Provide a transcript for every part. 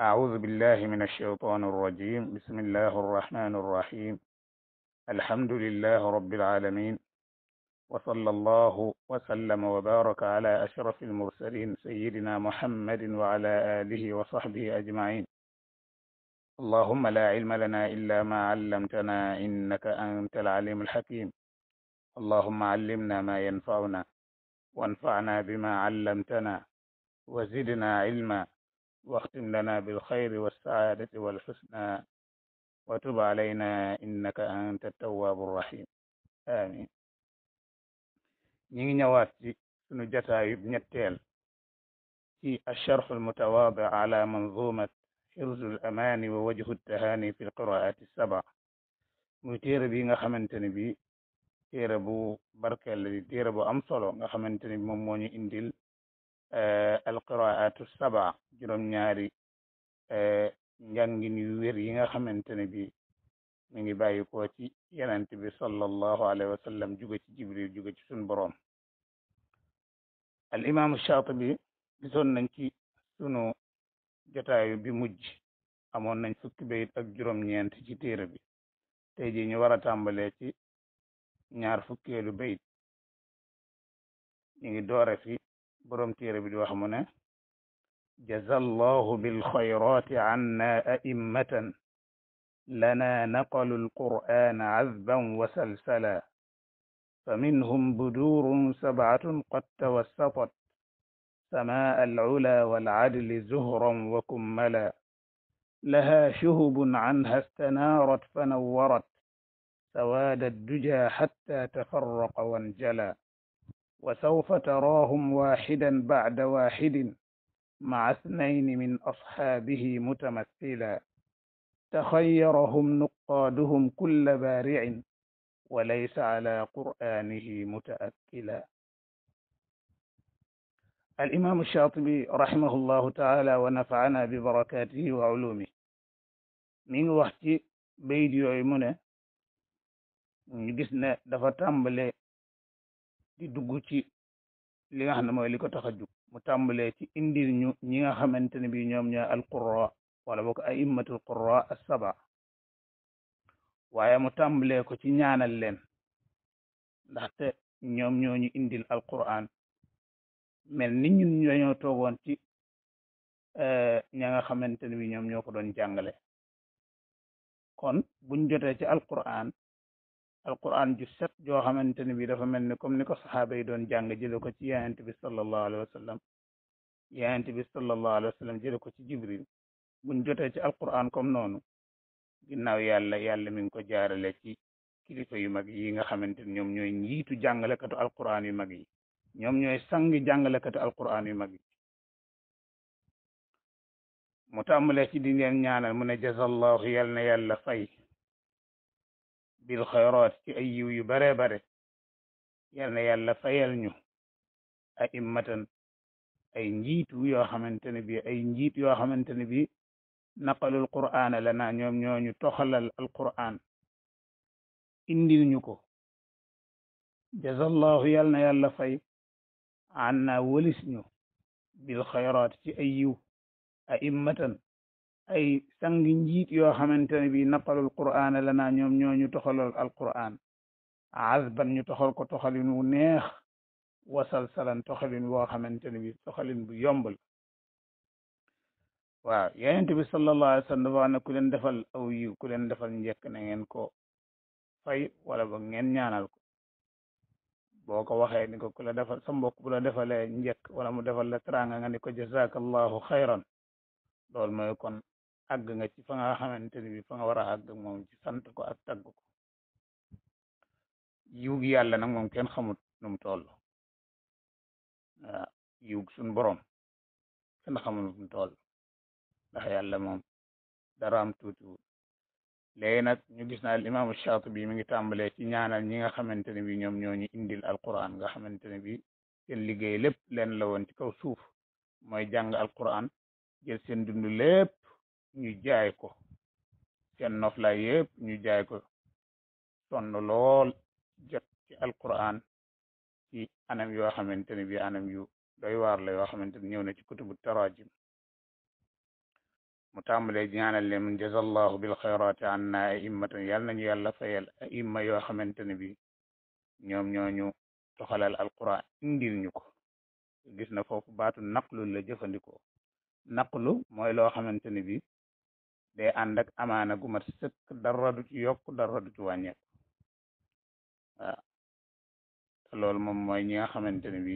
أعوذ بالله من الشيطان الرجيم بسم الله الرحمن الرحيم الحمد لله رب العالمين وصلى الله وسلم وبارك على أشرف المرسلين سيدنا محمد وعلى آله وصحبه أجمعين اللهم لا علم لنا إلا ما علمتنا إنك أنت العليم الحكيم اللهم علمنا ما ينفعنا وانفعنا بما علمتنا وزدنا علما واختم لنا بالخير والسعادة والحسنى وتب علينا إنك أنت التواب الرحيم آمين نيجي نواتي سنجتا يبنتيل في الشرح المتواضع على منظومة حرز الأمان ووجه التهاني في القراءات السبع muy بي bi nga تيربو بركة bi تيربو أمصلو barkeel la di Eh, alqiraatu saba juróom-ñaari eh, njàngin yu wér yi nga xamante ne bi mi ngi bàyyi ci yenant bi sallallahu alayhi wa juga ci jibril juga ci sun boroom al imaamu bi gisoon nañ ci sunu jotaayu bi mujj amoon nañ fukki bayit ak juróom-ñeent ci téere bi tey ji ñu war a tàmbalee ci ñaar fukkeelu bayit ñu ngi fi borom تيري bi di wax mu ne jazallahu bil xayraati anna a'immatan lana naqalu فمنهم بدور سبعة قد توسطت سماء العلا والعدل زهرا وكملا لها شهب عنها استنارت فنورت سواد الدجى حتى تفرق وانجلى وسوف تراهم واحدا بعد واحد مع اثنين من أصحابه متمثلا تخيرهم نقادهم كل بارع وليس على قرآنه متأكلا الإمام الشاطبي رحمه الله تعالى ونفعنا ببركاته وعلومه من وقت بيدي ci نجسنا yooyu di dugg ci li nga xam ne mooy li ko tax a jug mu tàmbalee ci indil ñu ñi nga xamante ne bi ñoom ñooy alqurra wala bokk aimmatul qurra assaba waaye mu tàmbalee ko ci ñaanal leen ndaxte ñoom ñoo ñu indil alquran mel ni ñun dañoo toogoon ci eh, ña nga xamante ne bi ñoom ñoo ko doon jàngale kon buñ jotee ci alquran alquran ju set joo xamante ne bi dafa mel ni comme ni ko saxaaba yi doon jàng jële ko ci yonent bi sallallahu alayhi wa sallam yonent bi sallallahu alayhi wa sallam jële ko ci jibril buñ jote ci al alquran comme noonu ginnaaw yàlla yàlla mi ngi ko jaarale ci kilifa yu mag yi nga xamante ne ñoom ñooy njiitu jàngalekatu alquran yu mag yi ñoom ñooy sangi jàngalekatu alquran yu mag yi mu tàmbalee ci di ñaanal mu ne jazallahu yal na fay bil xayraat ci ay yiw yu bare bare yal na yàlla fayal ñu ay immatan ay njiitu yoo xamante ne bi ay njiit yoo xamante ne bi naqalul qur'aana lana ñoom ñooñu toxalal al qur'aan indil ñu ko jazallahu yal na yàlla fay anna walis ñu bil xayraat ci ay yiw a immatan ay sangi njiit yoo xamante ne bi naqalul qur'ana lana ñoom ñoo ñu toxalal alqur'an azban ñu toxal ko toxalin wu neex wasalsalan toxalin woo xamante ne bi toxalin bu yomb la waaw yonent bi sallallahu alayhi wa sallam leen defal aw ku leen defal njëkk na ngeen ko fay wala ba ngeen ñaanal ko boo ko waxee ni ko ku la defal sa mbokk bu la defalee njëkk wala mu defal la teraanga nga ni ko jazakallahu xayran loolu mooy kon àgg nga ci fa nga xamante ni bi fa nga war a àgg moom ci sant ko ak tagg ko yiw gi yàlla nag moom kenn xamut nu mu toll sun yiw suñ boroom kenn xamut nu mu ndax yàlla moom dara am tuutiwul léegi nag ñu gis naa imaamu Shaatibi mi ngi tàmbalee ci ñaanal ñi nga xamante ne bi ñoom ñoo ñu indil alquran nga xamante ne bi seen liggéey lépp leen la woon ci kaw suuf mooy jàng alquran jël seen dund lépp ñu jaay ko seen noflaay yépp ñu jaay ko sonn lool jot ci alquran ci anam yoo xamante ne bi anam yu doy waar la yoo xamante ne ñëw na ci kutubu mu tàmbalee ñaanal leen jazallahu bil nañu yàlla fayal aimma yoo xamante ne bi ñoom ñooñu toxalal alquran indil ñu ko gis na foofu baatu naqlu la jëfandikoo naqlu mooy loo xamante ne day ànd ak amaana gu mat sëkk dara du ci yokk dara du ci wàññeeku loolu moom mooy ñi nga xamante ne bi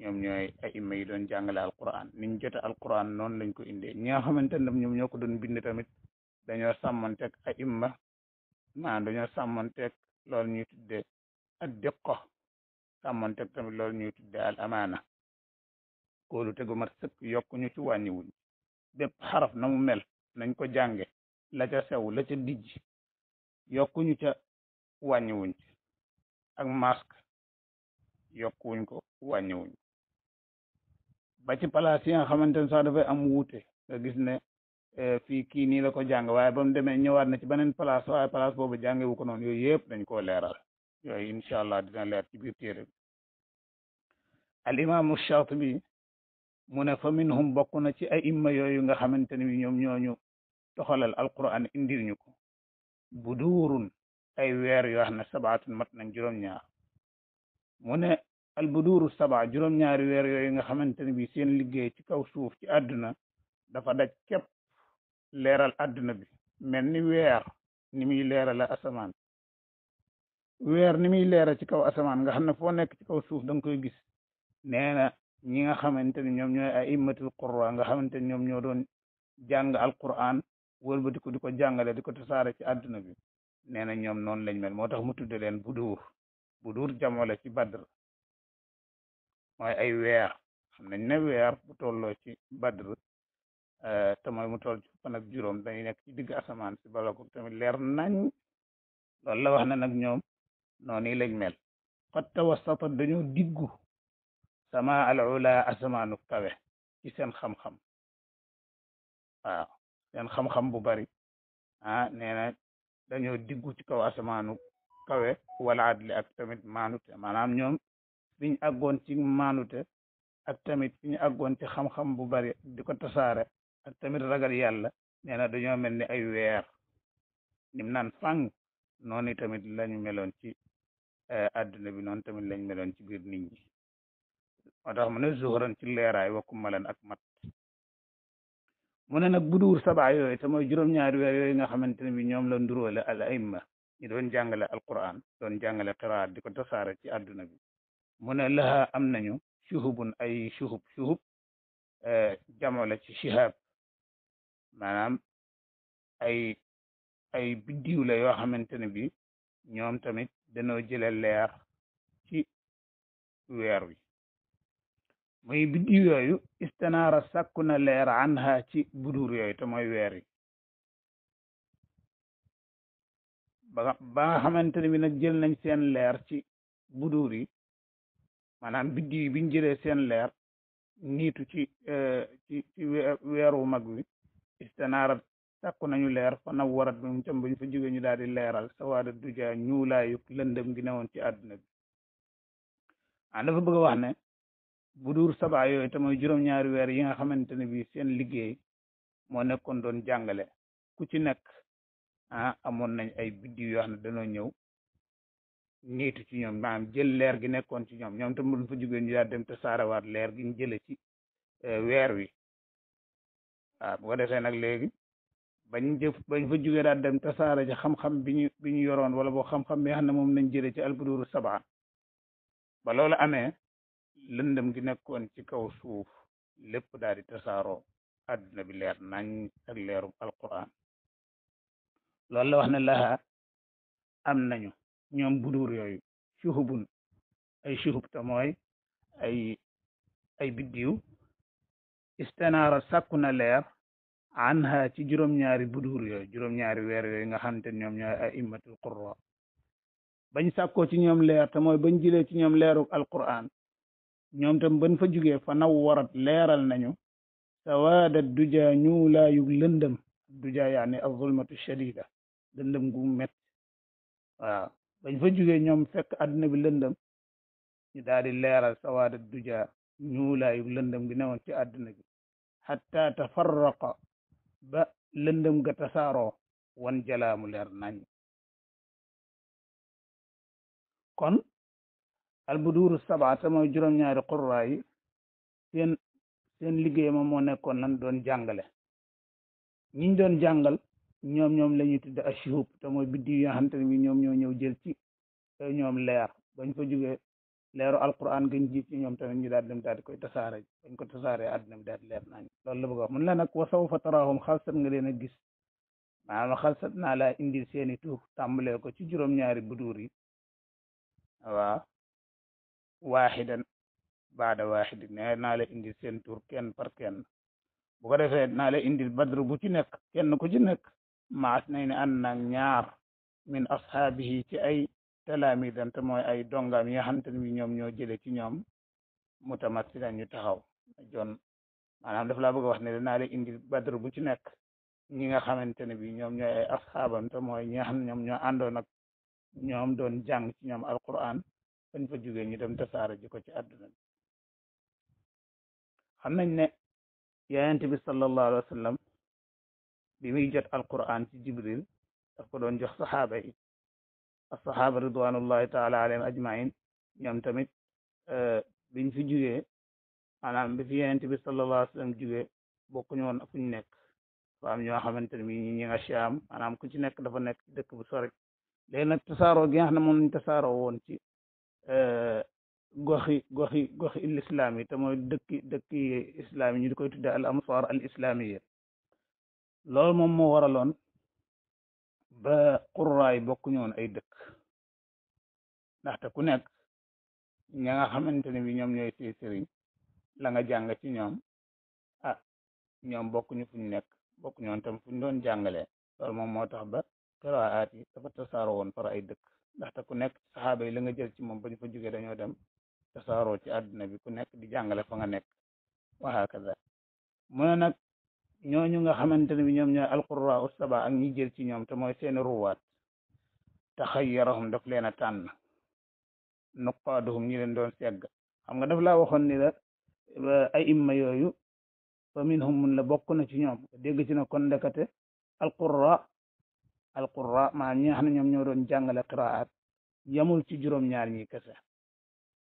ñoom ñooy ay ima yi doon jàngale alquran niñ jote alquran noonu lañ ko inde ñi nga xamante ne ñoom ñoo ko doon bind tamit dañoo sàmmanteeg ay ima maanaam dañoo sàmmanteeg lool ñuy tudde ak diqo sàmmanteeg tamit lool ñuy tudde al amaana kóolu tegu mat sëkk yokku ñu ci wàññiwuñ xaraf na mel nañ ko jànge la ca sew la ca dijj yokkuñu ca wàññiwuñ ci ak masque wuñ ko wàññiwuñ ba ci palaas yi nga xamante ne sax dafay am wuute nga gis ne eh, fii kii nii la ko jàng waaye ba mu demee ñëwaat na ci beneen place waaye place boobu jànge wu ko noonu yooyu yëpp dañ koo leeral yooyu incha allah dina leer ci biir téere bi al imaamu Shaatibi mu ne fa minhum bokk na ci ay imma yooyu nga xamante ne bi ñoom ñooñu toxalal alquran indil ñu ko bu duurun ay weer yoo xam ne sabaatun mat nañ juróom ne al bu duuru saba juróom-ñaari weer yooyu nga xamante ne bi seen liggéey ci kaw suuf ci àdduna dafa daj képp leeral àdduna bi mel ni weer ni muy leerala asamaan weer ni muy ci kaw asamaan nga xam ne foo nekk ci kaw suuf da nga koy gis ñi nga xamante ne ñoom ñooy ay immatul qurra nga xamante ne ñoom ñoo doon jàng alquran wëlbati ko di ko jàngale di ko saare ci àdduna bi nee na ñoom noonu lañ mel moo tax mu tudde leen buduur buduur jamono la ci badr mooy ay weer xam nañ ne weer bu tolloo ci badr eh, te mooy mu toll ci fan ak juróom dañuy nekk ci digg asamaan si bala ko tamit leer nañ loolu la wax na nag ñoom noonu lañ mel xot tawasata dañoo diggu sama al ula asamaanu kawe ci seen xam-xam waaw xam-xam bu bari ah nee na dañoo diggu ci kaw asamaanu kawe wala adli ak tamit maanute maanaam ñoom fiñ àggoon ci maanute ak tamit fiñ àggoon ci xam-xam bu bari di ko tasaare ak tamit ragal yàlla nee na dañoo mel ni ay weer nim naan fang noonu tamit lañu meloon ci adna eh, bi noonu tamit lañ meloon ci biir moo tax mu ne ci leeraay wa malan ak mat mu ne nag bu duur sabaa yooyu te mooy juróom-ñaari weer yooyu nga xamante ne bi ñoom la nduróole al aimma ñi doon jàngale alquran doon jàngale qiraat di ko tasaare ci àdduna bi mu laha am nañu shuhubun ay shuhub shuhub eh, jamo la ci shihab maanaam ay ay biddiw la yoo xamante ne bi ñoom tamit danoo jële leer ci weer wi mooy biddiw yooyu istanaara sàkku na leer anha ci budur yooyu te mooy weer yi ba ba bi nag jël nañ seen leer ci budur yi maanaam biddiw yi biñ jëlee seen leer niitu ci euh, weer wu mag wi istanaara sàkku nañu leer fana warat bi mu tam bañ ñu daal di leeral sawaada duja ñuulaayuk lëndëm gi newoon ci àdduna bi ah dafa bëgg a bu duur sabaa yooyu te mooy juróom-ñaari weer yi nga xamante ne bii seen liggéey moo nekkoon doon jàngale ku ci nekk ah amoon nañ ay biddiw yoo xam ne dañoo ñëw niitu ci ñoom maanaam jël leer gi nekkoon ci ñoom ñoom tam luñ fa jógee ñu daal dem te saarawaat leer gi ñu jële ci eh, weer wi waaw ah, bu nag léegi bañ jëf bañ fa jógee daal dem te saara ci bi bi ñu yoroon wala boo xam-xam bi moom nañ jële ci albuduuru sabaa amee lëndëm gi nekkoon ci kaw suuf lépp daal di tasaaroo àdduna bi leer nañ ak leerum alquran loolu la wax ne laha am nañu ñoom budur yooyu suhubun ay suhub te mooy ay ay biddiw istanaara sàkku na leer anha ci juróom-ñaari buduur yooyu juróom-ñaari weer yooyu nga xam te ñoom ñooy aimatul qurra bañ sàkkoo ci ñoom leer te bañ jëlee ci ñoom leeruk alquran ñoom tam ban fa jugee fa naw warat leeral nañu sawaada duja ñuulaayu lëndëm duja a azulmatu shadida lëndëm gumet met waaw bañ fa jugee ñoom fekk àdduna bi lëndëm ñu daal di leeral sawaada duja ñuulaayu lëndëm gi newoon ci àdduna bi xatta tafarraqa ba lëndëm ga tasaaroo wan leer nañ kon albuduuru sabaata mooy juróom-ñaari qurraa yi seen seen liggéey moom moo nekkoon nan doon jàngale ñiñ doon jàngal ñoom ñoom la ñuy tudde ashuhub te mooy biddiw yi nga xamante ne bi ñoom ñoo ñëw jël ci ñoom leer bañ fa jógee leeru alquran gën ji ci ñoom tamit ñu daal dem daal di koy tasaare bañ ko tasaare àddina bi leer nañ loolu la bëgg wax mun nag wa sawfa tarahum xalsat nga leen a gis maanaam xalsat naa laa indil seeni tuuf tàmbalee ko ci juróom-ñaari buduur yi waaxidan baada waaxidi ne naa la indil seen tur kenn par kenn bu ko defee naa indil badru bu ci nekk kenn ku ci nekk maas nañ ne ànd naag ñaar min ashaabihi ci ay talaamidan te mooy ay dongaam yi nga xamante ne bi ñoom ñoo jële ci ñoom mutamassilan ñu taxaw jon maanaam daf laa bëgg a wax ne danaa la indil badru bu ci nekk ñi nga xamante ne bi ñoom ñooy ay asxaabam te mooy ñi ñoom ñoo àndoon ak ñoom doon jàng ci ñoom alquran bañ fa jógee ñu dem tasaara ji ko ci àdduna bi xam nañ ne yaayante bi sallallahu alayhi wa sallam bi muy jot alquran ci jibril daf ko doon jox saxaaba yi assaxaaba ridwanullahi taala alayhim ajmain ñoom tamit euh, biñ fi jugee maanaam bi fi yaayante bi sallallahu alayhi wa sallam jugee bokkuñu woon fuñ nekk fa am ñoo xamante ne bii ñi nga Shaam maanaam ku ci nekk dafa nekk dëkk bu sori léegi nag gi nga xam ne moom Euh, goxi goxi goxi lislaam yi te mooy dëkki dëkki islaam yi ñu di koy tuddee al amsar al islaamiya loolu moom moo waraloon ba qurraay bokk ñoon ay dëkk ndaxte ku nekk ña nga xamante ne bi ñoom ñooy say sëriñ la jàng ci ñoom ah ñoom bokkuñu fu ñu nekk bokk ñoon tam fu ñu doon jàngalee loolu tax ba qiraat yi dafa tasaaroo woon far ay dëkk ndaxte ku nekk saxaaba yi la nga jël ci moom ba ñu fa jógee dañoo dem tasaaroo ci àdduna bi ku nekk di jàngale fa nga nekk wa hakaza mu ne nag ñooñu nga xamante ne bi ñoom ñooy alqurraa ussaba ak ñi jël ci ñoom ta mooy seeni ruwaat taxayyarahum daf leen a tànn nuqaaduhum ñi leen doon segg xam nga daf laa waxoon ni la ay imma yooyu fa minhum mun la bokk na ci ñoom dégg ci na kon ndekate alqurraa alqurra maanaam ñi nga na ne ñoom ñoo doon jàngale qiraat yamul ci juróom-ñaar ñi kese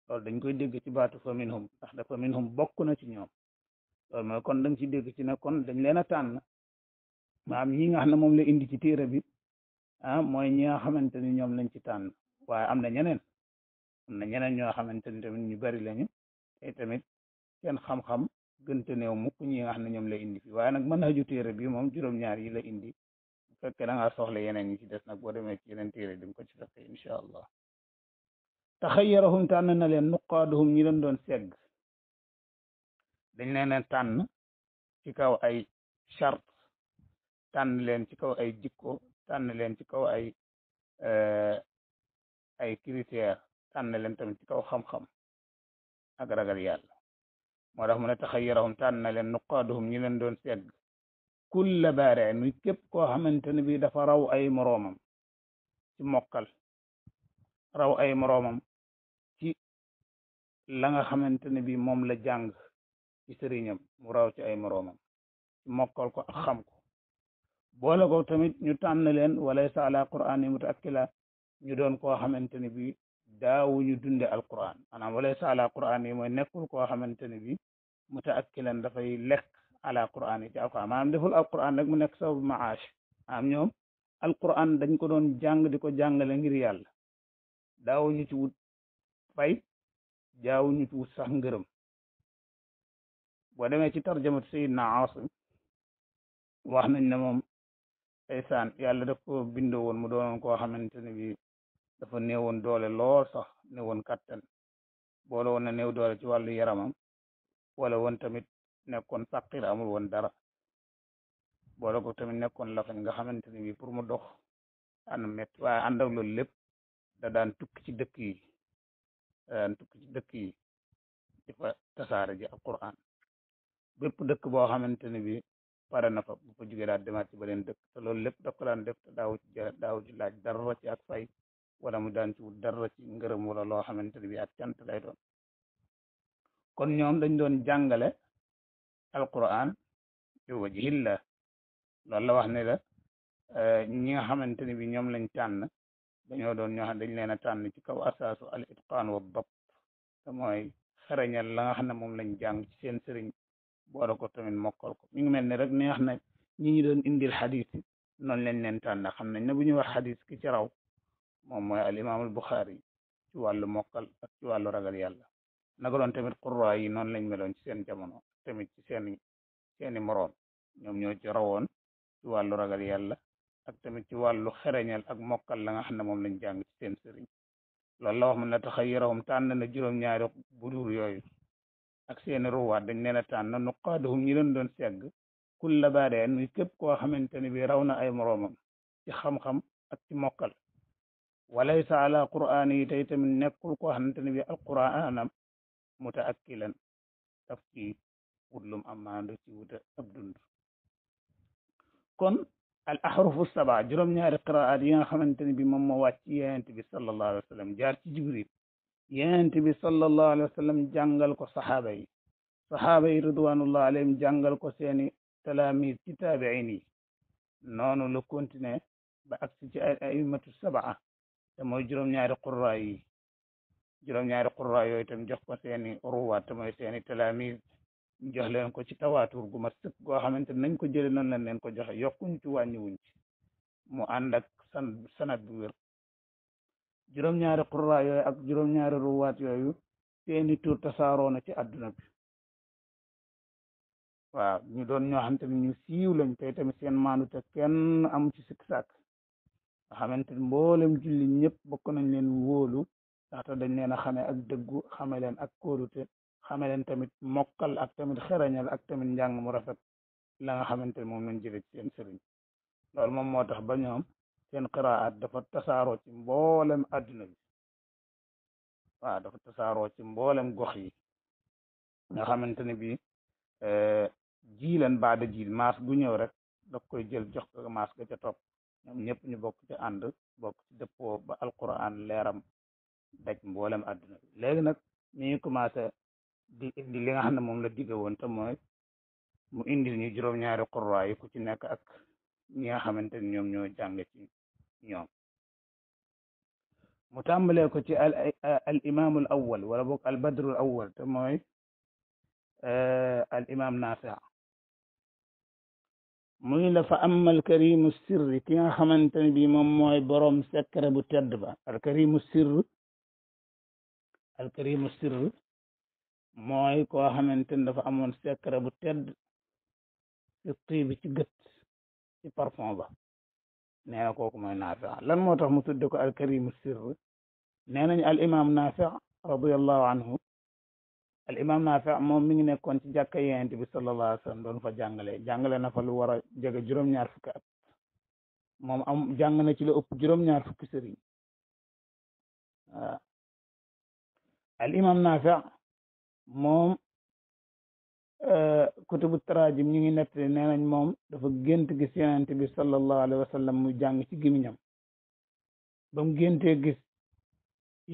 loolu dañ koy dégg ci baatu fa minhum ndax dafa minhum bokk na ci ñoom loolu mooy kon dañ ci dégg ci ne kon dañ leen a tànn maanaam ñi nga xam ne moom la indi ci téere bi ah, mooy ñi nga xamante ni ñoom lañ ci tànn waaye am na ñeneen am na ñeneen ñoo xamante ni tamit ñu bari lañu tamit seen xam-xam gënte néew mukk ñi nga xam ñoom la indi fi waaye nag mën a ju téere bi moom juróom-ñaar yi la indi fekkee da ngaa soxla yeneen yi ci des nag boo demee ci yeneen téere di nga ko ci fekke incha allah taxayyarahum tànn na leen nuqaaduhum ñi leen doon segg dañ leen leen tànn ci kaw ay chart tànn leen ci kaw ay jikko tànn leen ci kaw ay eh, ay critère tànn leen tamit ci kaw xam-xam ak ragal yàlla moo tax mu ne taxayyarahum tànn na leen nuqaaduhum ñi leen doon segg kulla baare mi képp koo xamante ne bi dafa raw ay moroomam ci mokkal raw ay moroomam ci la nga xamante ne bi moom la jàng ci sëriñam mu raw ci ay moroomam ci mokkal ko xam ko boole ko tamit ñu tànn leen walay sa ala quraan yi mutaakkila ñu doon koo xamante ne bi daawuñu dunde alquran maanaam walay sa ala nekkul koo xamante ne bi dafay lekk ala quran yi ci alquran maanaam deful alquran rek mu nekk sababu maash am ñoom alquran dañ ko doon jàng di ko jàngale ngir yàlla daawu ñu ci wut fay jaawu ñu wut sax ngërëm boo demee ci tarjamat sayidna asim wax nañ ne moom ndeysaan yàlla daf bindoo woon mu doonoon koo xamante ne bi dafa néewoon doole lool sax néewoon kattan boole woon na néew doole ci wàllu yaramam wala woon tamit nekkoon sàqi la amul woon dara boole ko tamit nekkoon lafañ nga xamante ne bi pour mu dox anam met waaye ànd ak loolu lépp da daan tukki ci dëkk yi da daan tukki ci dëkk yi di fa tasaare ji alquran bépp dëkk boo xamante ne bi pare na fa bu ko jógee daal demaat ci beneen dëkk te loolu lépp da ko daan def te daawu ci daawu ci laaj dara ci ak fay wala mu daan ci wut dara ci ngërëm wala loo xamante ne bi ak cant lay doon kon ñoom dañ doon jàngale alquran bi wajhillah loolu la wax ne la eh, ñi nga xamante ne bi ñoom lañ tànn dañoo doon ñoo xam dañ leen a tànn ci kaw asaasu al itqaan wa dab te mooy la nga xam ne moom lañ jàng ci seen sëriñ boole ko tamit mokkal ko mi ngi mel ne rek ni nga xam ne ñi doon indil xadis yi noonu lañ leen tànn xam nañ ne bu ñuy wax xadis ki ci raw moom mooy al imaamul ci wàllu mokkal ak ci wàllu ragal yàlla naka doon tamit qurra yi noonu lañ meloon ci seen jamono tamit ci seen seeni moroom ñoom ñoo ci rawoon ci wàllu ragal yàlla ak tamit ci wàllu xereñal ak mokkal la nga xam ne moom lañ jàng ci seen sëriñ loolu la wax mun na taxayyarahum tànn na juróom-ñaari ñaar budur yooyu ak seeni ruwa dañ nee na tànn nuqaaduhum ñi leen doon segg kulla baadeen muy képp koo xamante ne bi raw na ay moroomam ci xam-xam ak ci mokkal walaysa ala quraan yi tey tamit nekkul koo xamante ne bi alquraanam mutaakilan daf ci wut lum am maandu ci wuta ab kon al ahrufu saba juróom-ñaari qiraat yi nga xamante ne bi moom moo wàcc yonent bi sallallahu alayhi wa sallam jaar ci jibril yonent bi sallallahu alayhi wa sallam jàngal ko saxaaba yi saxaaba yi ridwanullah jàngal ko seeni talamis ci taabiin yi noonu ba agsi ci aimatu sabaa te mooy ñaari qurraa juróom-ñaari qurra yooyu tam jox ko seeni ruwaat te mooy seeni talamis ñu jox leen ko ci tawaatur gu mat sëkk goo xamante nañ ko jële noonu lañ leen ko joxe yokkuñ ci wàññiwuñ ci mu ànd ak san sanat bu wér juróom-ñaari qurra yooyu ak juróom-ñaari ruwaat seeni tur tasaaroo na ci àdduna bi wa ñu doon ñoo xamante ni ñu siiw lañ tey tamit seen maandu te kenn am ci sikk sàkk nga xamante ni mboolem julli ñëpp bokk nañ leen wóolu ndaxte dañ leen a ak dëggu xame leen ak kóolute xame leen tamit mokkal ak tamit xerañal ak tamit njàng mu rafet la nga xamante ne moom lañ jëlee ci seen sëriñ loolu moom moo tax ba ñoom seen qiraat dafa tasaaroo ci mboolem àdduna bi waaw dafa tasaaroo ci mboolem gox yi nga xamante ne bii eh, jiilan baada jiil maas gu ñëw rek daf koy jël jox ko maas ga ca topp ñoom ñëpp ñu bokk ci ànd bokk ci dëppoo ba alquran leeram daj mbolam aduna bi nak nag mi ngi commencé di indi li nga xamne mom la digge won te moy mu indi ni juroom juróom-ñaari qurra yi ku ci nek ak ñi nga xamanteni ñom ñoo jàng ci ñom mu tambale ko ci al al imam al awwal wala bok al badr al awwal te moy al imaam naafi muy la fa amal karim sirri ki nga xamanteni bi mom moy borom secret bu tedd ba al karim sirri alkarimu sirr mooy ko xamante ne dafa amoon secret bu tedd ci bi ci gët ci parfum ba nee na kooku lan moo tax mu tudde ko alkarimu sirr nee nañ al imam naafi radiallahu anhu al imam naafi moom mi ngi nekkoon ci jàkka yonent bi sallallahu alayhi wa sallam doon fa jàngale jàngale na fa lu war a jege juróom-ñaar fukki at jàng na ci lu ëpp juróom al imam Naafi moom euh, kutubu taraajim ñu ngi nettali nee nañ moom dafa gént gis yonent bi sallallahu alayhi wa sallam mu jàng ci gémmiñam ba mu gis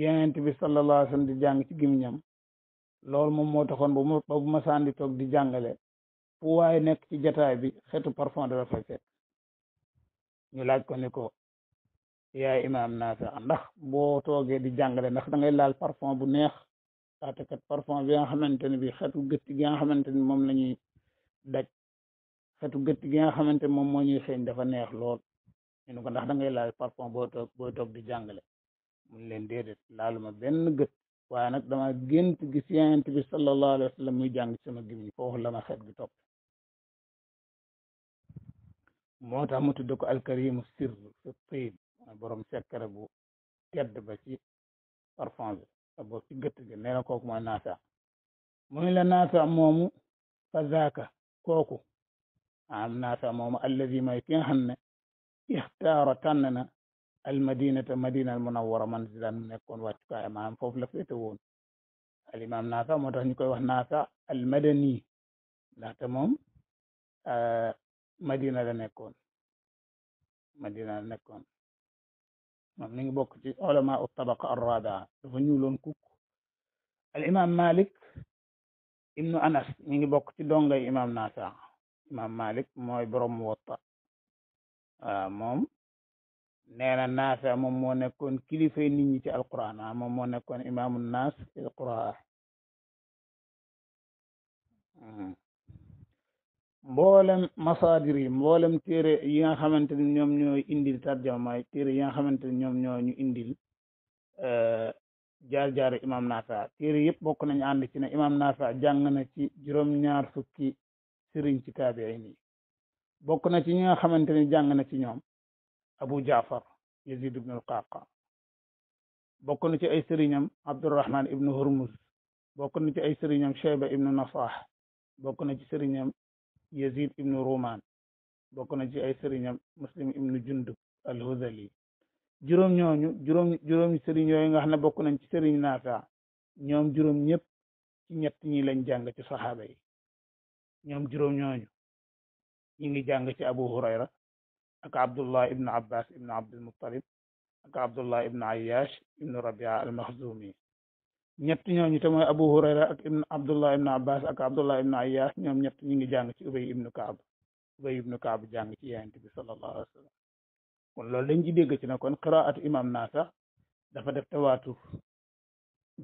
yonent bi sallallahu alayhi wa di jàng ci gémmiñam loolu moom moo taxoon ba bu ma toog di jàngale fu waaye nekk ci jataay bi xetu parfum dafa fay ñu laaj ko ko yaay imam nafi ah. ndax boo toogee di jàngale ndax da ngay laal parfum bu neex taate kat parfum bi nga xamante ne bi xetu gëtt gi nga xamante ni moom la ñuy daj xetu gëtt gi nga xamante moom moo ñuy xeeñ dafa neex lool ñu ko ndax da ngay laal parfum boo toog boo toog di jàngale mun leen déedéet laaluma benn gët waaye nag dama gént gis yonent bi sallallahu alayhi wa muy jàng ci sama gémmiñ foofu la ma xet gi topp moo tax mu tudd ko alkarimu sirr fi tib borom sekkere bu tedd ba ci parfum bi a bo ci gëtt gi neena koku kooku mooy naasa mu ni la naasa momu fa zaaka koku am naasa momu allazi ma ki nga xam ne ixtaara tànn na almadinata madina al munawara manzilan mu nekkoon wàccukaay maanaam fofu la fete won al imam naasa mo tax ñukoy wax ñu al madani naasa ta mom euh madina la nekkon madina la nekkon moom mi ngi bokk ci ulama u tabaqa arrabia dafa ñuuloon kuk al imam malik ibnu anas mi ngi bokk ci dongay imam nafi imam malik mooy borom Muwatta waaw moom nee na moom moo nekkoon kilifay nit ñi ci alquran a moom moo nekkoon imamu nas fil quraan hmm. mboolem masaadir mboolem téere yi nga xamante ni ñoom ñooy indil tarjamaay téere yi nga xamante ni ñoom ñoo ñu indil euh, jaar-jaaru imam Naafi téere yëpp bokk nañu ànd ci ne imam Naafi jàng na ci juróom-ñaar fukki sëriñ ci taabiin yi bokk na ci ñi nga xamante ni jàng na ci ñoom Abu Jaafar Yazid ibn al-Qaaqa bokk na ci ay sëriñam Abdurrahman ibn Hurmuz bokk na ci ay sëriñam Shayba ibn Nasah bokk na ci sëriñam yazid ibnu roman bokk na ci ay sëriñam muslim ibnu jundub alhuzali juróom ñooñu juróom juróomi sëriñ yooyu nga xam ne bokk nañ ci sëriñ naafi ñoom juróom ñëpp ci ñett ñi lañ jàng ci saxaaba yi ñoom juróom ñooñu ñi ngi jàng ci abu hurayra ak abdullah ibnu abbas ibnu abdul muttalib ak abdullah ibnu ayyash ibnu rabia al maxzumi ñett ñooñu te mooy abu hurayra ak ibn abdullah ibn abbas ak abdullah ibn ayas ñoom ñett ñu ngi jàng ci ubay ibnu kaab ubay ibnu kaab jàng ci yonent bi sallallahu alayhi wa sallam loolu dañ ci dégg ci na kon naa sax dafa def tawaatu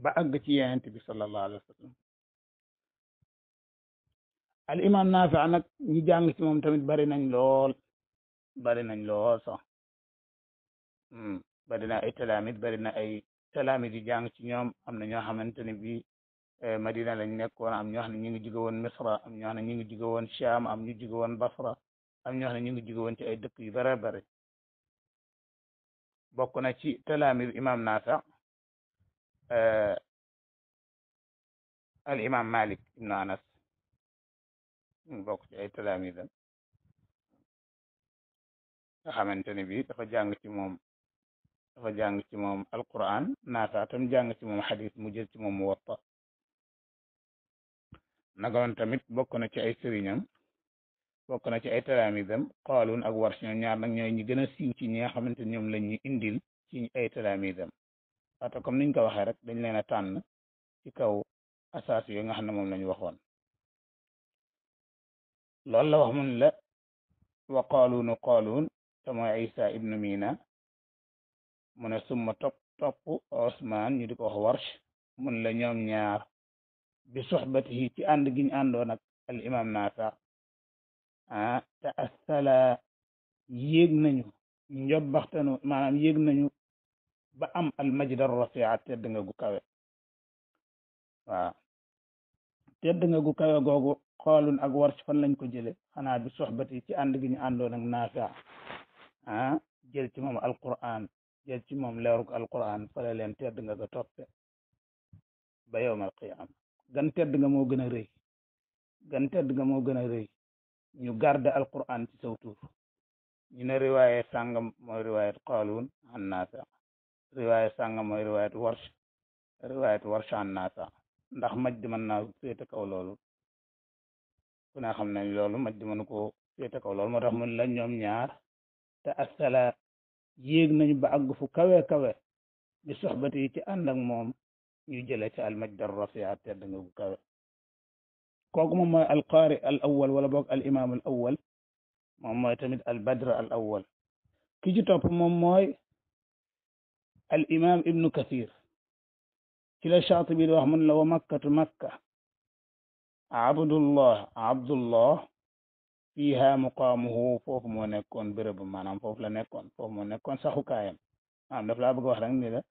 ba àgg ci yonent bi sallallahu alayhi al imam naafi nag ñi jàng ci moom tamit bari nañ lool bari nañ lool sax hmm, bari na ay talaamit bari na ay salaam yi di ci ñoom am na ñoo xamante ne bii eh, Madina lañ nekkoon am ñoo xam ne ñu ngi jóge woon Misra am ñoo xam ne ñu ngi jóge woon Sham am ñu jóge woon Basra am ñu ngi jóge ci ay dëkk yu bare bare bokk na ci talaamid imam Naafi eh, al imam Malik ibnu Anas bokk ci ay talaamidam nga xamante ne bii dafa jàng ci moom dafa jàng ci moom alquran naata tam jàng ci moom xadis mu jël ci moom muwatta nagoon tamit bokk na ci ay sëriñam bokk na ci ay dem xoolun ak warsh ñoom ñaar nag ñooy ñi gën a siiw ci ñi nga xamante ñoom lañ ñu indil ci ay talaamidam waate comme niñ ko waxee rek dañ leen a tànn ci kaw asaas yooyu nga xam ne moom lañu waxoon loolu la wax mun la wa qaaluunu qaaluun te mooy isa ibnu mina mu ne summa topp topp Osman ñu di ko warsh mun la ñoom ñaar bi soxbatihi ci ànd gi ñu àndoon ak al imam naafi ah te asala yéeg nañu njobbaxtanu maanaam yéeg nañu ba am al majd ar rafia tedd nga gu kawe tedd nga gu kawe googu xoolun ak warsh fan lañ ko jële xanaa bi soxbati ci ànd gi ñu àndoon ak naafi ah jël ci moom jël ci moom leerug alquran fale leen tedd nga ga toppe ba yowmal qiyaama gan tedd nga moo gën a rëy gan tedd nga moo gën a rëy ñu garde alquran ci saw tuur ñu ne riwaaye sàngam mooy riwaayat qaaluun an naafi riwaaye sàngam mooy riwaayat warsh riwaayat warsh an naafi ndax maj di mën na féete kaw loolu ku ne xam nañ loolu maj di mënu ko féete kaw loolu moo tax mun la ñoom ñaar te asala yéeg nañu ba àgg fu kawe kawe bi soxbati yi ci ànd ak moom ñu jële ci almajdar rafia tedd nga gu kawe kooku moom mooy alqaari al awal wala boog al imaam al awal moom mooy tamit al badr al awal ki ci topp moom mooy al imaam ibnu kathir ci la Shaatibi wax mun la wa makkatu makka abdullah abdullah fiiha muqaamuhu foofu moo nekkoon bërëb maanaam foofu la nekkoon foofu moo nekkoon saxukaayam maanaam daf laa bëgg wax rek ni la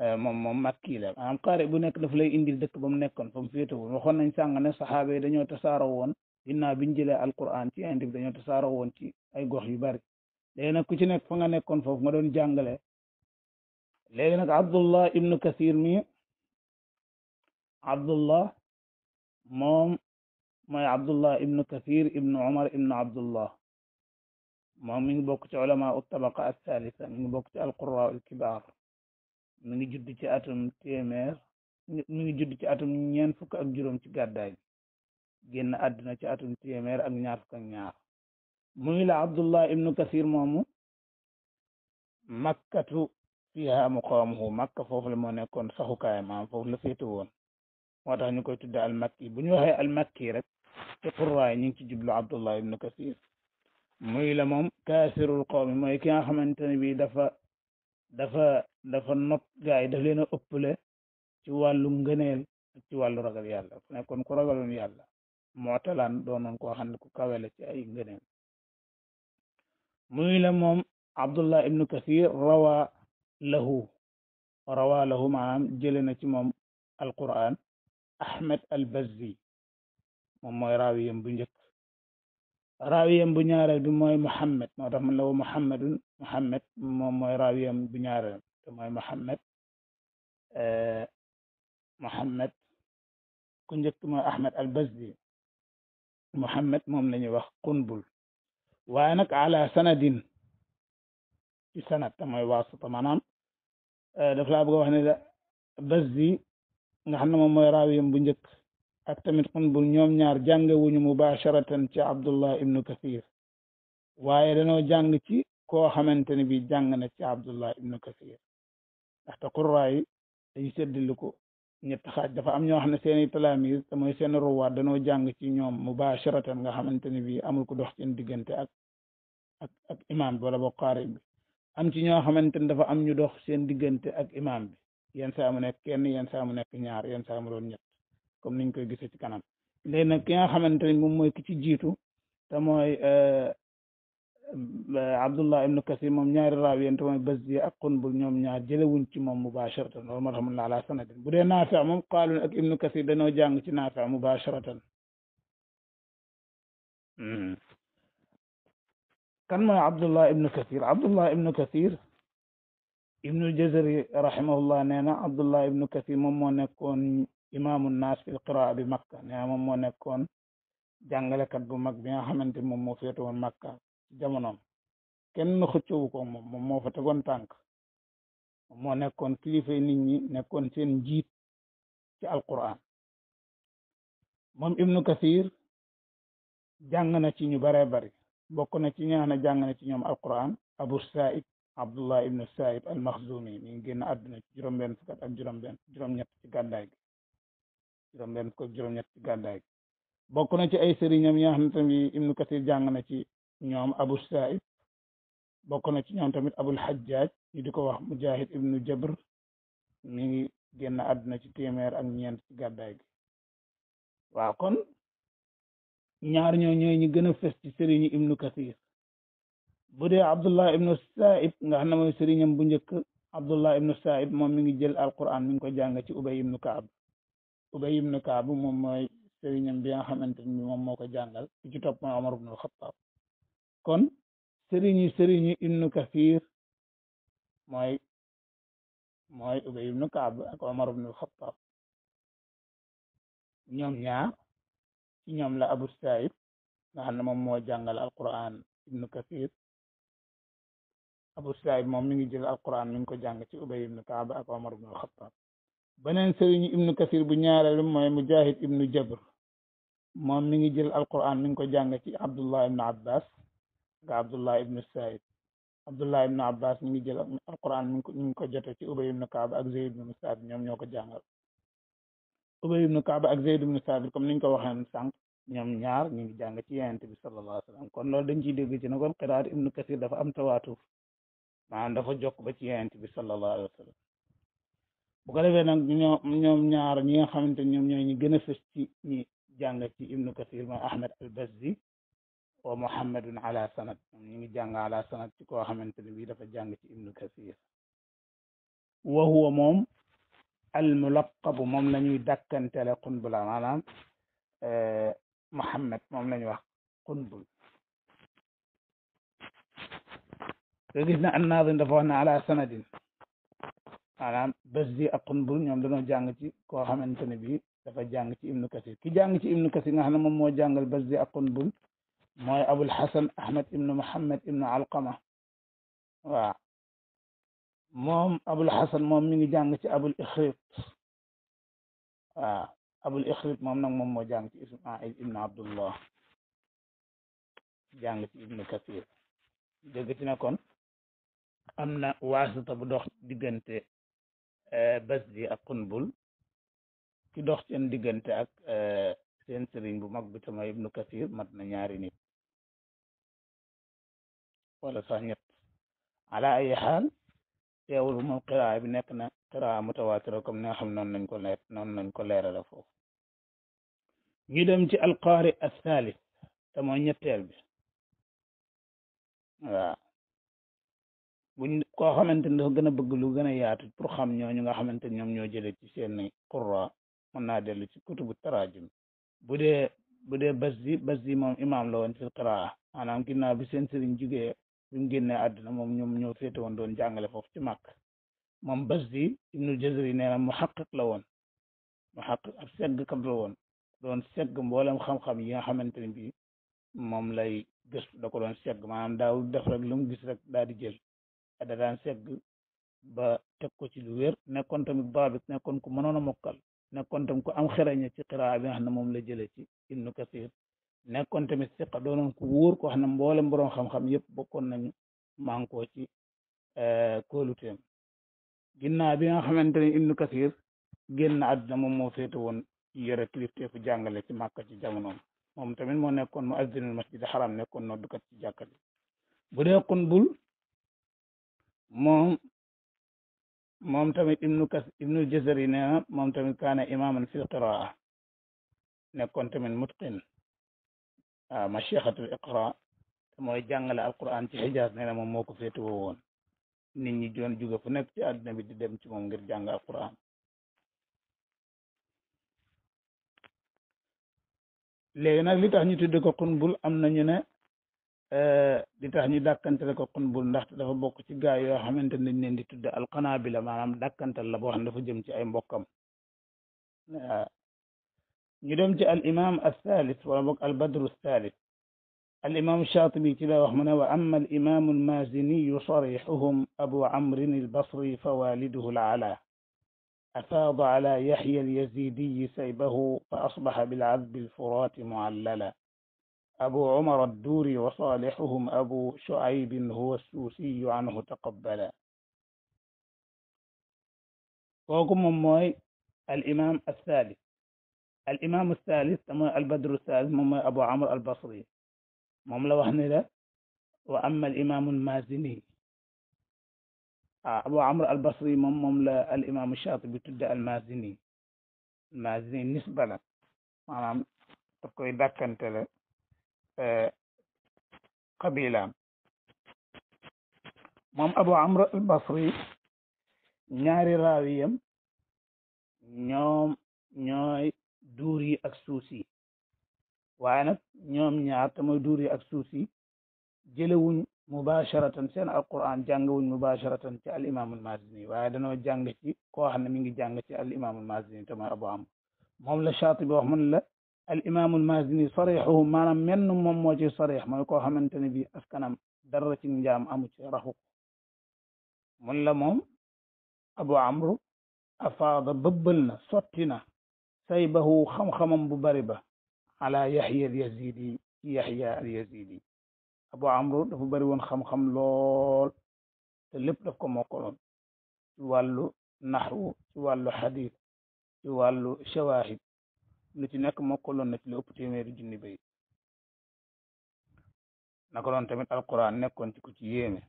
eh, moom moom makki la maanaam bu nekk daf lay indil dëkk ba mu nekkoon fa mu féetewoon waxoon nañ sàng ne saxaaba yi dañoo woon ginnaaw bi ñu jëlee alquran ci indi bi dañoo tasaaroo woon ci ay gox yu bari léegi nag ku ci nekk fa nga nekkoon foofu nga doon jàngale léegi nag abdullah ibnu kasir mi abdullah moom mooy abdullah ibnu kathir ibnu umar ibnu abdullah moom mi ngi bokk ci ulama u tabaqa althalisa mi ngi bokk ci alqura alkibar mi ngi judd ci atum fukk ak juróom ci gàddaay génn àddina ci atum téeméer ak ñaar fukk ak ñaar muy la abdullah ibnu kathir moomu makkatu fiha muqawamuhu makka foofu la moo nekkoon saxukaay maam foofu la féete woon moo tax ñu koy tudde almakki bu ñu waxee almakki rek ci qurraay ñu ngi ci jublu abdullah ibnu kasir muy la moom kaasirul qawmi mooy ki nga xamante ne bi dafa dafa dafa not gaay daf leen a ëppale ci wàllu ngëneel ci wàllu ragal yàlla fu nekkoon ku ragaloon yàlla moo talaan doonoon koo xam ne ku kawele ci ay ngëneel muy la moom abdullah ibnu kasir rawa lahu rawa lahu jële na ci moom alquran ahmed al bazzi moom mooy raawiyam bu njëkk raawiyam bu ñaareel bi mooy muhammad moo tax mun la wa muhammadun muhammad moom mooy raawiyam bu ñaareel te mooy muhammad muhammad ku njëkk mooy ahmed al bazzi muhammad moom la ñuy wax kunbul waaye nag ala sanadin ci sanad te mooy waasita maanaam daf laa bëgg a wax ne la bazzi nga xam na moom mooy raawiyam bu njëkk ak tamit Qunbul ñoom ñaar jàngewuñu mubasharatan ci Abdullah ibnu Kathir waaye danoo jàng ci koo xamante ne bi jàng na ci Abdullah ibnu Kathir ndaxte qurraa yi dañu séddali ko ñetti xaaj dafa am ñoo xam ne seeni talaamiis te mooy seen ruwaat danoo jàng ci ñoom mubasharatan nga xamante ne bi amul ko dox diggante ak ak ak imaam bo qaari bi am ci ñoo xamante ne dafa am ñu dox seen diggante ak imaam bi yenn saa mu nekk kenn yenn saa mu nekk ñaar yenn saa mu doon ñett comme niñ koy gisee ci kanam léegi nag ki nga xamante ni moom mooy ki ci jiitu te mooy euh, euh, Abdullah ibnu Kasir moom ñaari raawiyeen te mooy Bazzi ak Qunbul ñoom ñaar jëlewuñ ci moom mubasharatan loolu moo tax mun na bu dee Naafi moom Qaalun ak ibnu Kasir dañoo jàng ci Naafi mubasharatan hmm. kan mooy Abdullah ibnu Kasir Abdullah ibnu Kasir ابن الجزري رحمه الله نينا عبد الله ابن كثير moom moo nekkoon imaamu naas fil qiraa bi makka neena moom moo nekkoon jàngalekat bu mag bi nga xamante moom moo féete woon makka ci jamonoom kenn xëccoowu ko moom moom moo fa tegoon tànk moom moo nekkoon kilifa nit ñi nekkoon seen njiit ci alquran moom ibnu kathir jàng na ci ñu baree bari bokk na ci ñaana jàng na ci ñoom alquran abu said abdullah ibnu saib al maxzumi mi ngi génn àdduna ci juróom-benn ak juróom-benn juróom-ñett ci gàddaay gi juróom-benn fukk ak juróom-ñett ci gàddaay gi bokk na ci ay sëriñam yaa xam ne tamit ibnu kasir jàng na ci ñoom abu saib bokk na ci ñoom tamit abul xajjaaj ñu di ko wax mujahid ibnu jabr mi ngi génn àdduna ci téeméer ak ñeent ci gàddaay gi kon ñaar ñoo ñooy ñi gën ci sëriñu ibnu kasir bu dee abdullah ibnu saib nga xam ne mooy sëriñam bu njëkk abdullah ibnu saib moom mi ngi jël alquran mi ngi ko jàng ci ubay ibnu kaab ubay ibnu kaab moom mooy sëriñam bi nga xamante ni moom moo ko jàngal ci ci topp mooy omar ibnu alxataab kon sëriñi sëriñi ibnu kathir mooy ubay ibnu kaab ak omar ibnu alxataab ñoom ñaar ci ñoom la abu saib nga xam ne moom moo jàngal alquran ibnu kathir abu sulaib moom mi ngi jël alquran mi ko jàng ci ubay ibnu kaaba ak omar bu ñaareelu mooy mujahid ibnu jabr moom mi ngi jël alquran mi ngi ko jàng ci abdullah ibnu abbas nga abdullah ibnu said abdullah ibnu abbas mi ngi jël alquran mi ngi ko jote ci ubay ibnu kaaba ak zeyd ibnu musaabit ñoom ñoo ko jàngal ubay ibnu kaaba ak zeyd ibnu musaabit comme niñ ko waxee sànq ñoom ñaar ñu ngi jàng ci yonent bi sallallahu alayhi wa sallam kon loolu dañ ci ne kon qiraat ibnu kasir dafa am tawaatuf maanaam dafa jokk ba ci bi sallallahu alayhi wa bu ko defee nag ñoom ñaar ñi nga xamante ñoom ñooy ñi gën a fës ci ñi jàng ci ibnu kathir ma ahmed al bazzi wa muhammadun ala sanad ñoom ñi ngi jàng ala sanad ci koo xamante ne bii dafa jàng ci ibnu kathir wa huwa moom al mulaqabu moom la ñuy dàkkantele qunbula maanaam eh, muhammad moom la ñuy wax qunbul يقول نعم ناظر دفعنا على سند على بس دي أقنبون يوم دون جانجتي كو حمان تنبي دفع جانجتي ابن كثير كي جانجتي ابن كثير نحن ممو جانجل بس دي أقنبون موي أبو الحسن أحمد ابن محمد ابن علقمة و موم أبو الحسن موم مين جانجتي أبو الإخريط و أبو الإخريط موم نعم ممو جانجتي اسم عائل ابن عبد الله جانجتي ابن كثير جانجتي نكون am na waasita bu dox diggante bés eh, bi ak xunbul ki dox seen diggante ak eh, seen sëriñ bu mag bi tamay ibnu kasir mat na ñaari nit wala sax ñett ala ay xaal teewul moom qiraa bi nekk na qiraa mutawaatira comme ni nga xam noonu nañ ko leer noonu nañ ko leerala foofu ñu dem ci alqaari athaalis te mooy ñetteel bi waaw buñ koo xamante ni dafa gën a bëgg lu gën a yaatu pour xam ñooñu nga xamante ni ñoom ñoo jële ci seeni qurra mën naa dellu ci kutubu tarajum bu dee bu dee basdi basdi moom imaam la woon fil qiraa maanaam ginnaaw bi seen sëriñ jugee bi mu génnee àdduna moom ñoom ñoo féete woon doon jàngale foofu ci màkk moom basdi ibnu jazari nee na mu xaqiq la woon mu xaqiq ab seggkat la woon doon segg mboolem xam-xam yi nga xamante ni bi moom lay gëstu da ko doon segg maanaam daawul def rek lu gis rek daal di jël da segg ba teg ko ci lu wér nekkoon tamit baabit nekkon ku mënoon a mokkal nekkoon tamit ku am xereñe ci xiraa bi nga xam ne moom la jëlee ci ibnu kasir nekkoon tamit siqa doonoon ku wóor ko xam ne mboolem boroom xam-xam yëpp bokkoon nañu mànkoo ci eh, kóoluteem ginnaaw bi nga xamante ne ibnu kasir génn àdduna moom moo féete woon yore kilifteefu jàngale ci màkka ci jamonoom moom tamit moo nekkoon mu azdinul masjid xaram nekkoon noddukat ci jàkka bi bu dee kun bul moom moom tamit ibnu kas moom tamit kaana imaaman fil qiraa nekkoon tamit mutqin waaw mashiixatul iqra te mooy jàngale alquran ci xijaas nee moom moo ko féetewoo woon nit joon jóge fu nekk ci àdduna di dem ci moom ngir jàng alquran léegi nag li tax ñu tudde ko am nañu ne li tax ñu dàkkantale ko xunbul ndaxte dafa bokk ci gaay yoo xamante ne dañ leen di tudde alqanaabila maanaam dàkkantal la boo xam ne dafa jëm ci ay mbokkam ñu dem ci al imam althalis wala boog al badru althalis al imam shaatibi ci la wax mu ne wa amma al imam almaziniyu sarixuhum abu amrin albasri fa waliduhu alala afaada ala yaxya alyazidiyi saybahu fa asbaxa bilcadbi alfuraati muallala أبو عمر الدوري وصالحهم أبو شعيب هو السوسي عنه تقبلا وقم موي الإمام الثالث الإمام الثالث تما البدر الثالث مما أبو عمرو البصري مم وحنا لا وأما الإمام المازني أبو عمرو البصري مم مم الإمام الشاطبي تبدأ المازني المازني نسبة لك maanaam تقوي koy dàkkante la qabilaam moom abu amr al ñaari raawiyam ñooy duur yi ak suus yi waaye nag ñoom ñaar te mooy duur yi ak suus yi jëlewuñ mubasharatan seen alquran jàngawuñ mubasharatan ci al imam al mazini waaye danoo jàng ci koo xam ne mi ngi jàng ci al imam al abu amr moom la shaatibi wax la الإمام المازني صريحه ما لم ينم من وجه صريح ما يقول هم أنت نبي درة نجام أمو تيره من لمم أبو عمرو أفاض ببلنا صوتنا سيبه خمخم ببربة على يحيى اليزيدي يحيى اليزيدي أبو عمرو دفو بريون خمخم لول تلب لفكم وقلون توالو نحو توالو حديث توالو شواهد lu ci nekk mokkaloon na ci lu ëpp téeméeri junni bayit naka doon tamit alquran nekkoon ci ku ci yéeme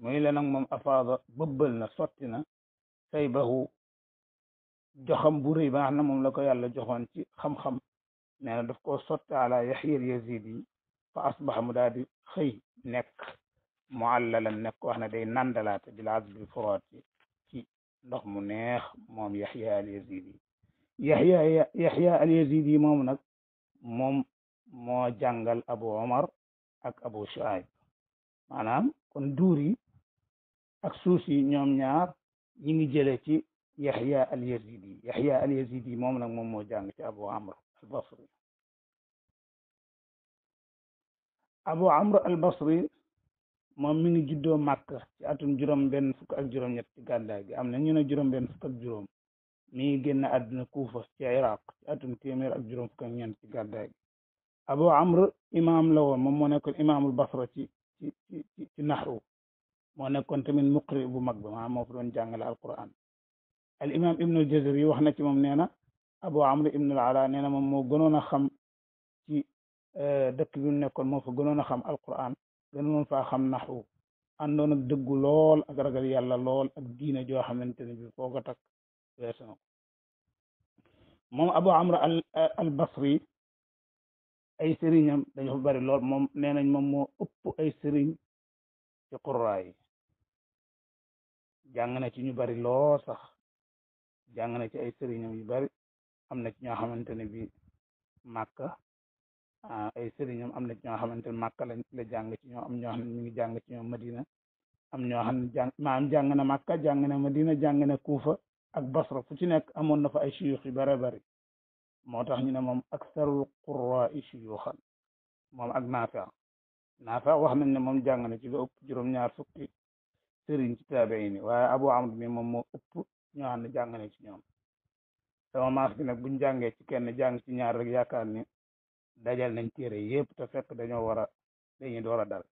muy la nag moom afaada bëbbal na sotti na say baxu joxam bu rëy ba nga xam ne moom la ko yàlla joxoon ci xam-xam nee na daf koo sotti ala yaxyir yazid yi fa asbax mu daal di xëy nekk muallalan nekk wax ne day nandalaate bil azbil furaat ci ndox mu neex moom yaxya al yazid yi yaxya yaxya al moom nag moom moo jàngal abu omar ak abu shuaib maanaam kon duur yi ak suus yi ñoom ñaar ñi ngi jële ci yaxya al yazidi yaxya moom nag moom moo jàng ci abu amr al basri abu amr al moom mi ngi juddoo màkk ci atum juróom benn fukk ak juróom ñett ci gàddaay gi am na ñu ne juróom benn fukk ak juróom مي جن أدنى كوفة في العراق أتم تيمير أجرم في كنيان في قرداج أبو عمرو إمام لو ممونيكو إمام البصرة في, في, في نحو مونيكو أنت من مقرئ بو مقبو ما مفرون جانجل القرآن الإمام ابن الجزري وحنا كي ممنينا أبو عمرو ابن العلا نينا ممو قنونا خم في دك بيون نيكون مو فغنونا خم القرآن غنونا فا خم نحو أنو ندق لول أقرق يالا لول أك دينا جو خم انتني بفوقتك moom abu amr al al basri ay sëriñam dañu bari lool moom nee nañ moom moo ëpp ay sëriñ ci qurraa yi jàng na ci ñu bari lool sax jàng ci ay sëriñam yu bari am na ci ñoo xamante ne bi màkka ah, ay sëriñam am na ci ñoo xamante ne lañ la jàng ci ñoom am ñoo xam ne ngi jàng ci ñoom madina am ñoo xam ne jàng maam jàng madina jàng kuufa ak basra fu ci nekk amoon na fa ay siyux yu bare bari moo tax ñu ne moom aksarul qurraai siyuxan moom ak naafia naafia wax nañ ne moom jàng na ci lu ëpp juróom-ñaar fukki sëriñ ci taabiin waaye abu mi moom moo ëpp ñoo na ci ñoom sama maas gi nag buñ jàngee ci kenn jàng ci ñaar rek yaakaar ni dajal nañ téere yépp te fekk dañoo war a dañuy dal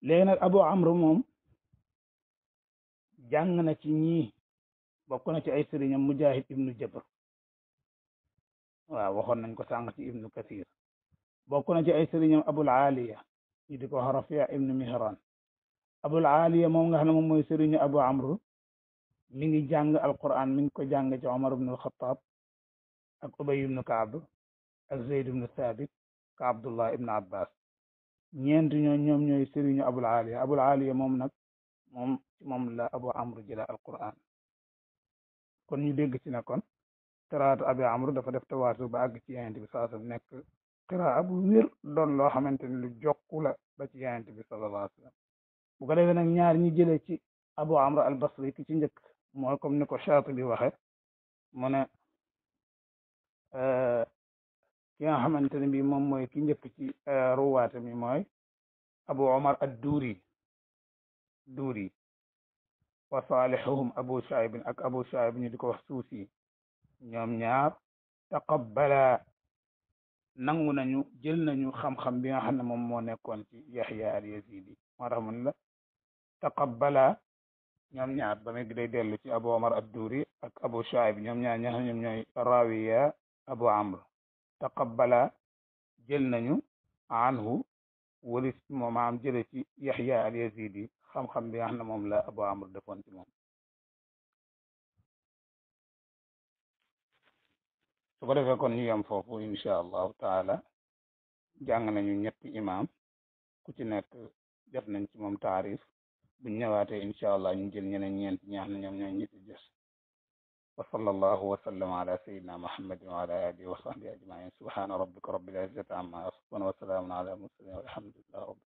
léegi abu amr moom jàng na ci ñii bokk na ci ay sëriñam mujahid ibnu jabr waaw waxoon nañ ko sànq ci ibnu kathir bokk na ci ay sëriñam abul aliya ñu di ko wax rafia ibnu mihran abul aliya moom nga xam ne moom mooy sëriñu abu amru mi ngi jàng alquran mi ngi ko jàng ci omar ibnu alxataab ak ubay ibnu kaab ak zeyd ibnu thabit ka abdullah ibnu abbas ñeent ñoo ñoom ñooy sëriñu abul aliya abul aliya moom nag moom moom la abu amru jëla alquran kon ñu dégg ci na kon qiraatu abi amr dafa def tawaatur ba àgg ci yonent bi saasam nekk qiraa bu wér doon loo xamante ne lu jokkula ba ci yonent bi sallallahu alayhi wa sallam bu ko defee nag ñaar ñi jëlee ci abu amr al basri ki ci njëkk mooy comme ni ko Shaatibi waxe mu ne euh, ki nga xamante ne bi moom mooy ki njëkk ci euh, ruwaate mi mooy abu omar ad duuri duuri wa saalihuhum abu shaibin ak abu shaibin ñu di ko wax suusi ñoom ñaar taqabbala nangu nañu jël nañu xam-xam bi nga xam ne moom moo nekkoon ci yaxya al yazidi moo tax mun la taqabbala ñoom ñaar ba muy day dellu ci abu omar adduri ak abu shaib ñoom ñaar ñoom ñooy rawiya abu amr taqabbala jël nañu anhu walis moom am jële ci yaxya al xam-xam bi nga xam moom la Abu Amr defoon ci moom su ko defee kon ñu yem foofu incha allahu taala jàng nañu ñetti imaam ku ci nekk jot nañ ci moom taarif buñ ñëwaatee incha allah ñu jël ñeneen ñeent ñi xam ne ñoom ñooy ñi ci jës wa sallallahu wa sallam ala sayyidina muhammadin alihi wa sahbihi ajmain subhana rabbika rabbil izzati amma yasifun wa salaamun ala al mursalin